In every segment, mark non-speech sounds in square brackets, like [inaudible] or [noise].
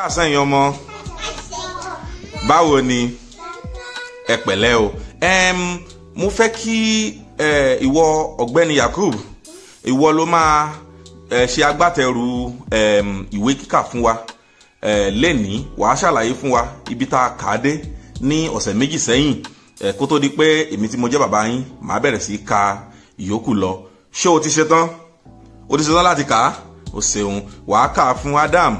káàsán yín ọmọ báwo ni ẹ pẹ̀lẹ́ o mo fẹ́ kí ìwọ ọ̀gbẹ́ni Yakub ìwọ ló máa ṣe agbátẹrù ìwé kíkà fún wa lẹ́ni wàá ṣàlàyé fún wa ibi tá a kà á dé ní ọ̀sẹ̀ méjì sẹ́yìn kó tó di pé èmi tí mo jẹ́ bàbá yín màá bẹ̀rẹ̀ sí ka ìyókù lọ ṣé o ti ṣetán o ti ṣetán láti kà á o ṣeun wàá kà á fún Adam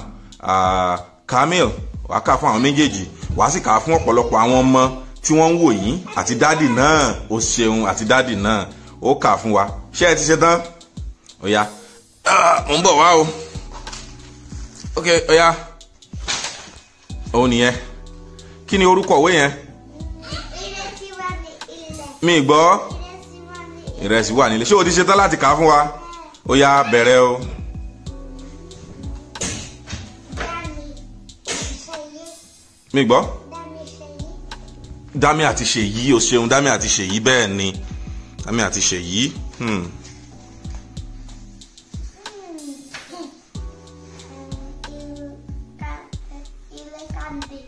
kamil ah, wàá kà fún àwọn méjèèjì wàá sì kà fún ọ̀pọ̀lọpọ̀ àwọn ọmọ tí wọ́n ń wò yín àti dádì náà ó ṣeun àti dádì náà ó kà fún wa ṣé ẹ ti ṣe tán ó yá ah, ń bọ̀ wá o ok ó òun nìyẹn kí ni orúkọ òwe yẹn mi gbọ́ ìrẹsì wà nílé ṣé o ti ṣe tán láti kà fún wa ó yá bẹ̀rẹ̀ o. mi gbọ́ dami àti ṣèyí o ṣeun dami àti ṣèyí bẹ́ẹ̀ ni dami àti ṣèyí. Hmm.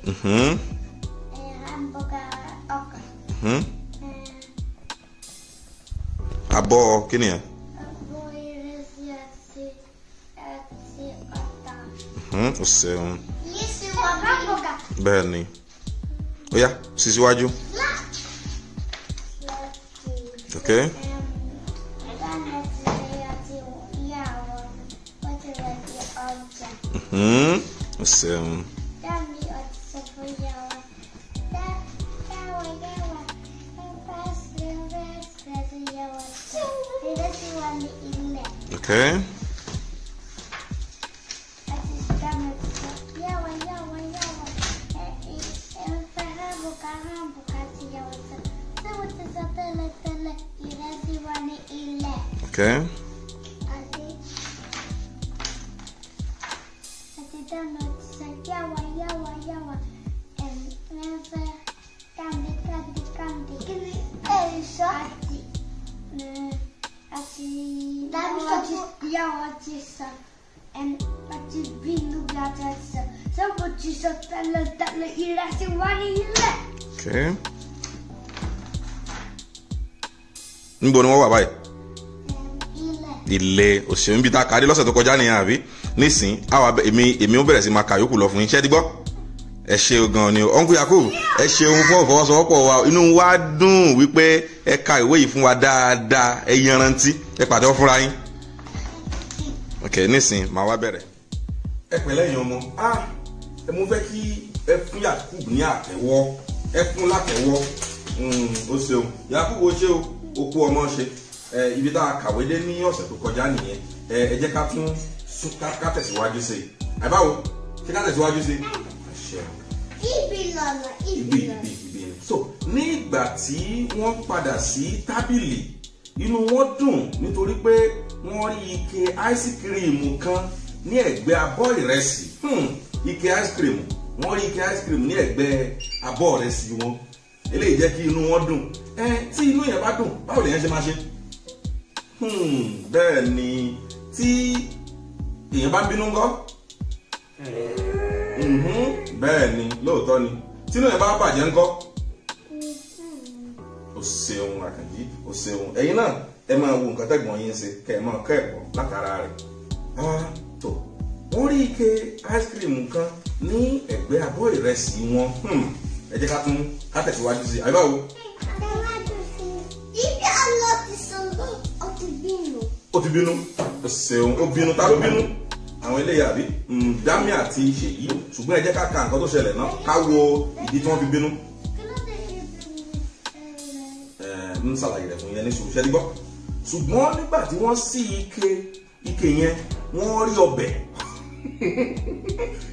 Mm-hmm. hmm Abọ́ kí ni ẹ? Abọ́ ìrẹsì àti àti Hmm. O ṣeun. bẹ́ẹ̀ ni mhm. ó ok sísíwájú ok. o céu. Okay. am Ok. Să te dăm noți, să okay níbo ni wọ́n wà báyìí ilé òṣèlú níbi tá a kárí lọ́sẹ̀ tó kọjá nìyẹn àbí nísìn àwa èmi èmi ó bẹ̀rẹ̀ sí máa kà yòókù lọ fún yín ṣé ti gbọ́ ẹ ṣe gan ni ọ̀nkú Yakub ẹ ṣeun fún ìfọwọ́sowọ́pọ̀ wa inú wa dùn wípé ẹ ka ìwé yìí fún wa dáadáa ẹ yanrantí ẹ pàtẹ́wọ́ fúnra yín ok nísìn màá wá bẹ̀rẹ̀. ẹ pẹ̀lẹ́ yín ah ẹ mú fẹ́ kí ẹ fún Yakub ní àtẹ́wọ́ ẹkún látẹ̀wọ́ o hmm, ṣeun yakubu ṣe o okú ọmọ ṣe ibi tá a kàwé dé ní ọ̀sẹ̀ tó kọjá nìyẹn ẹ jẹ́ ká tún ká tẹ̀síwájú sí i àbáwo ṣé ká tẹ̀síwájú sí i. ibi lọ́nà ibi lọ́nà. so ní ìgbà tí wọ́n padà sí tábìlì inú wọn dùn nítorí pé wọ́n rí ike áísíkírìmù kan ní ẹ̀gbẹ́ abọ́ ìrẹsì hmm, ike áísíkírìmù wọ́n rí ike ice cream ní ẹ̀gbẹ́ abọ́ rẹ̀ sí wọn eléyìí jẹ́ kí inú wọn dùn ẹ tí inú yẹn bá dùn báwo lèyàn ṣe máa ṣe hmm, bẹ́ẹ̀ ni tí èèyàn bá ń bínú ńkọ́ mm-hmm, bẹ́ẹ̀ ni lóòótọ́ ni tí inú yẹn bá bàjẹ́ ńkọ́ o ṣeun àkànjí o ṣeun ẹ̀yin náà ẹ máa wo nǹkan tẹ́gbọ̀n yín ṣe kẹ́ ẹ máa kẹ́ẹ̀kọ́ látara rẹ̀. Ah wọ́n rí ike ice cream kan ní ẹ̀gbẹ́ abọ́ ìrẹsì wọn hmm. ẹ jẹ́ ká tún ká tẹ̀síwájú sí i àbí báwo. ó ti bínú ó ṣeun ó bínú ta ló bínú àwọn eléyà bí hmm, dami àti ṣèyí ṣùgbọ́n ẹ jẹ́ ká ka nǹkan tó ṣẹlẹ̀ náà ká wo ìdí tí wọ́n fi bínú. ń ṣàlàyé rẹ̀ fún yẹn ní ṣòṣẹ́ dígbọ́ ṣùgbọ́n nígbà tí wọ́n ṣí ike ike yẹn wọ́n rí ọbẹ̀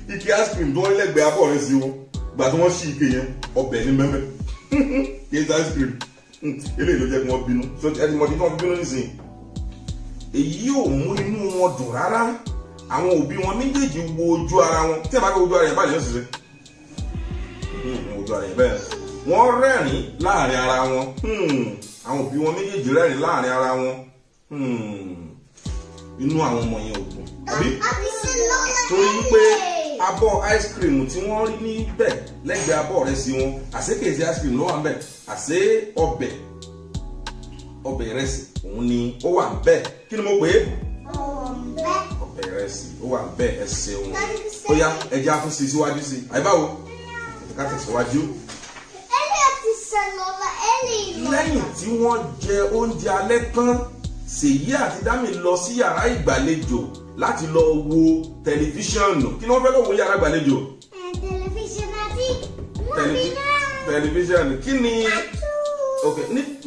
ike [laughs] ice cream tó ń lẹ́gbẹ̀ẹ́ abọ́ rẹ̀ sí o gbà tí wọ́n ṣí ike yẹn ọbẹ̀ ní mẹ́mẹ́ kéé ice cream eléyìí ló jẹ́ kí wọ́n bínú so ẹni mọ̀ ní kí wọ́n bínú nísìnyí èyí ò mú inú wọn dùn rárá àwọn òbí wọn méjèèjì wo ojú ara wọn tí ẹ bá gbé ojú ara yẹn báyìí yóò ṣiṣẹ́ hmm, ojú ara yẹn bẹ́ẹ̀ wọ́n rẹ́rìn láàrin ara wọn hmm, àwọn òbí wọn méjèèjì rẹ́rìn láàrin ara wọn. Hmm inú àwọn ọmọ yẹn ò dùn torí wípé abọ́ ice cream tí wọ́n rí níbẹ̀ lẹ́gbẹ̀ẹ́ abọ́ rẹ̀ sí wọn àṣé kèsì ice cream ló wà níbẹ̀ àṣé ọbẹ̀ ọbẹ̀ ìrẹsì òun ni ó wà níbẹ̀ kí ni mo pè é ọbẹ̀ ìrẹsì ó wà níbẹ̀ ẹ ṣeun ó yá ẹja fún sí síwájú sí àyè báwo ká tẹ̀síwájú lẹ́yìn tí wọ́n jẹ oúnjẹ alẹ́ tán. Ṣèyí àti Dámì lọ sí yàrá ìgbàlejò láti lọ wo tẹlifíṣọ̀nù kí ni wọ́n fẹ́ lọ wo yàrá ìgbàlejò. tẹlifíṣọ̀nù àti múmi náà. tẹlifíṣọ̀nù kí ni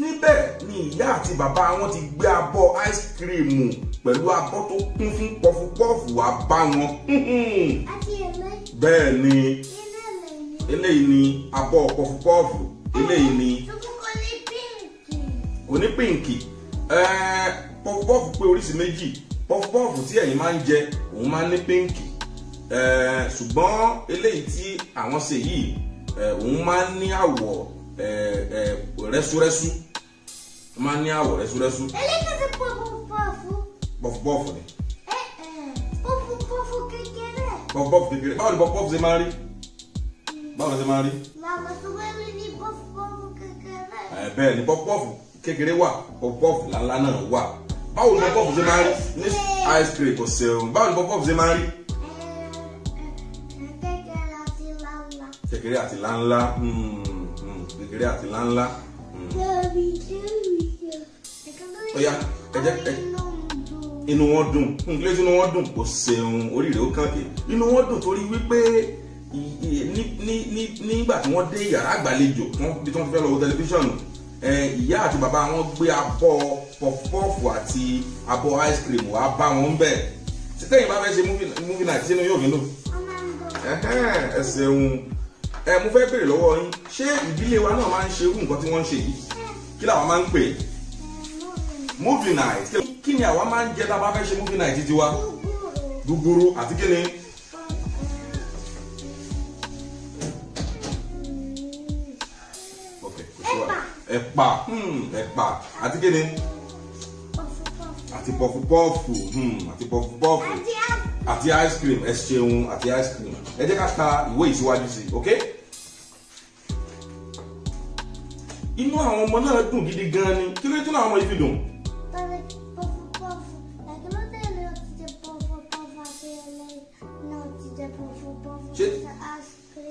níbẹ̀ ni ìyá àti bàbá wọn ti gbé abọ́ ice cream pẹ̀lú abọ́ tó kún fún pọfupọ́ọ̀fù wá bá wọn. [laughs] bẹ́ẹ̀ ni eléyìí ni abọ́ pọfupọ́ọ̀fù eléyìí ni kò ní pínkì pọfupọ́ọ̀fù pé oríṣi méjì pọfupọ́ọ̀fù tí ẹ̀yin máa ń jẹ òun máa ń ní pínkì ṣùgbọ́n eléyìí tí àwọn ṣe yìí òun máa ń ní àwọ̀ rẹ́súrẹ́sú máa ń ní àwọ̀ rẹ́súrẹ́sú. eléyìí ti pọfupọ́ọ̀fù. pọfupọ́ọ̀fù ni. pọfupọ́ọ̀fù kékeré. pọfupọ́ọ̀fù kékeré báwo ni pọfupọ́ọ̀fù ṣe máa ń rí báwo ni ṣe máa ń rí. màmá sọ wẹ́rẹ́ ní pọfupọ́ọ̀fù kékeré. bẹ́ẹ̀ ni pọfupọ́ọ̀fù kékeré wà pọpọ́ọ̀fù lálá náà wà báwo ni pọpọ́ọ̀fù ṣe máa ń rí ní ice cream kò ṣeun báwo ni pọpọ́ọ̀fù ṣe máa ń rí. kékeré àti láńlá hmm, hmm. kékeré àti láńlá. ọ̀ya hmm. ẹ̀jẹ̀ ẹ̀jẹ̀ inú wọn dùn nílé tí inú wọn dùn kò ṣeun oríire ó kàn dé inú wọn dùn torí wípé nígbà tí wọ́n dé yàrá àgbàlejò bí wọ́n fẹ́ lọ wo tẹlifíṣọ̀nù ìyá àti bàbá wọn gbé abọ́ pọfupọ́ọ̀fù àti abọ́ ice cream wá bá wọn bẹ̀ tẹ́yìn bá fẹ́ ṣe movie night sínú yóò nílò ẹ ṣeun ẹ mo fẹ́ béèrè lọ́wọ́ yín ṣé ìdílé wa náà máa ń ṣe irú nǹkan tí wọ́n ń ṣe yìí kí làwọn máa ń pè movie night kí ni àwa máa ń jẹ tá a bá fẹ́ ṣe movie night tiwa gbogbooro àti kí ni. ẹ̀pà hmm, ẹ̀pà àti kíni àti pọfupọfu hmm, àti pọfupọfu àti ice cream ẹ ṣeun àti ice cream ẹ jẹ́ ká ka ìwé ìṣíwájú sí ok. inú àwọn ọmọ náà dùn gidi gan ni kí ló dé tí inú àwọn ọmọ yìí fi dùn.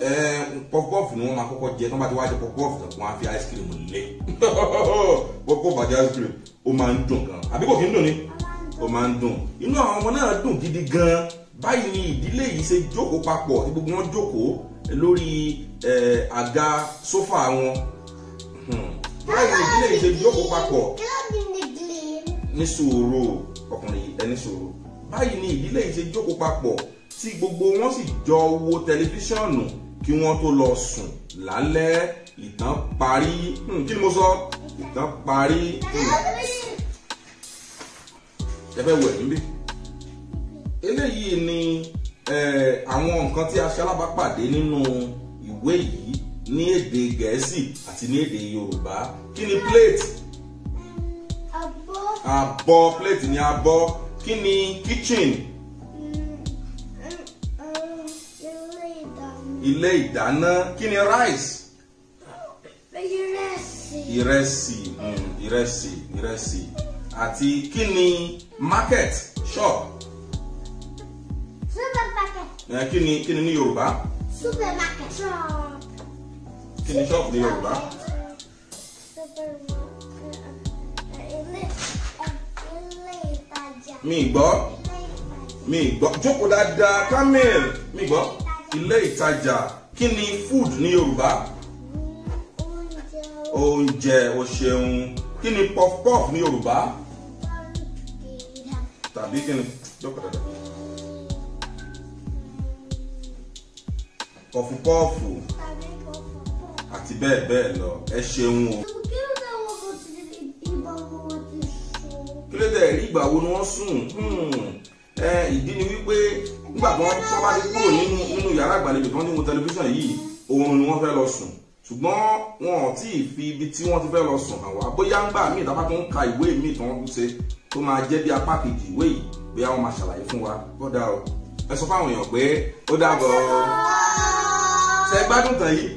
Eh, pọfupọfu ni wọn máa kọ́kọ́ jẹ tó bá ti wá jẹ pọfupọfu tó wọn á fi ice cream lé [laughs] pọfupọfu àti ice cream ó máa ń dùn gan àbí kò kí ń dùn ni ó máa ń dùn inú àwọn ọmọ náà dùn gidi gan báyìí ni ìdílé yìí ṣe jókòó papọ̀ gbogbo wọn jókòó lórí eh, àga sófà wọn hmm. báyìí ni ìdílé yìí ṣe jókòó papọ̀ ní sùúrù ọkùnrin ẹni sùúrù báyìí ni ìdílé yìí ṣe jókòó papọ̀ tí gbogbo wọn sì jọ wo tẹlifíṣọ̀nù kí wọ́n tó lọ sùn lálẹ́ ìtàn parí hmm, kí ni mo sọ ìtàn parí hmm. ẹ fẹ́ wẹ̀ níbí eléyìí ni àwọn nǹkan tí a ṣalábàpàdé nínú ìwé yìí ní èdè gẹ̀ẹ́sì àti ní èdè yorùbá kí ni plate abọ́ abọ́ plate ni abọ́ kí ni kitchen. ilé ìdáná kí ni rice. ìrẹsì. ìrẹsì hmm, ìrẹsì ìrẹsì àti kí ni market shop. supermarket. kí ni kí ni ní Yorùbá. supermarket shop. kí ni shop ní Yorùbá. mi gbọ́ mi gbọ́ jókòó dáadáa Kamil mi gbọ́ ilé ìtajà kí ni food ní yorùbá oúnjẹ o ṣeun kí ni puff puff ní yorùbá tàbí kí ni jókòó dáadáa pọfupọ́ọ̀fù àti bẹ́ẹ̀ bẹ́ẹ̀ lọ ẹ ṣeun o. kí ló dé rí ìgbà wo ni wọ́n sùn? Hmm ìdí ni wípé nígbà tí wọ́n bá ti kúrò nínú nínú yàrá ìgbàlejò tí wọ́n ti wo tẹlifíṣàn yìí oorun ni wọ́n fẹ́ lọ sùn ṣùgbọ́n wọn ò tí ì fi ibi tí wọ́n ti fẹ́ lọ sùn àwa bóyá ń gbà míì tábà tó ń ka ìwé míì tó ń ṣe tó máa jẹ́ bí apá kejì ìwé yìí bóyá wọ́n máa ṣàlàyé fún wa kódà o ẹ sọ fáwọn èèyàn pé ó dàbọ̀ ṣe gbádùn tàn yìí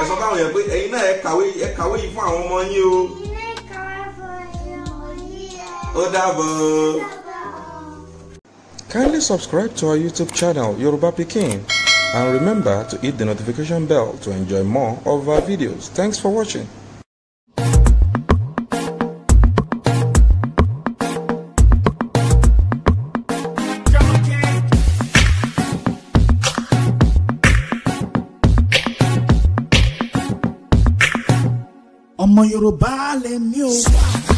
ẹ sọ fáwọn èèyàn pé ẹ̀yin náà ẹ kàwé ẹ kàwé yìí fún àwọn ọmọ yín o ó dàbọ̀. Kindly subscribe to our YouTube channel Yoruba Peking and remember to hit the notification bell to enjoy more of our videos. Thanks for watching. yorùbá lè mí o.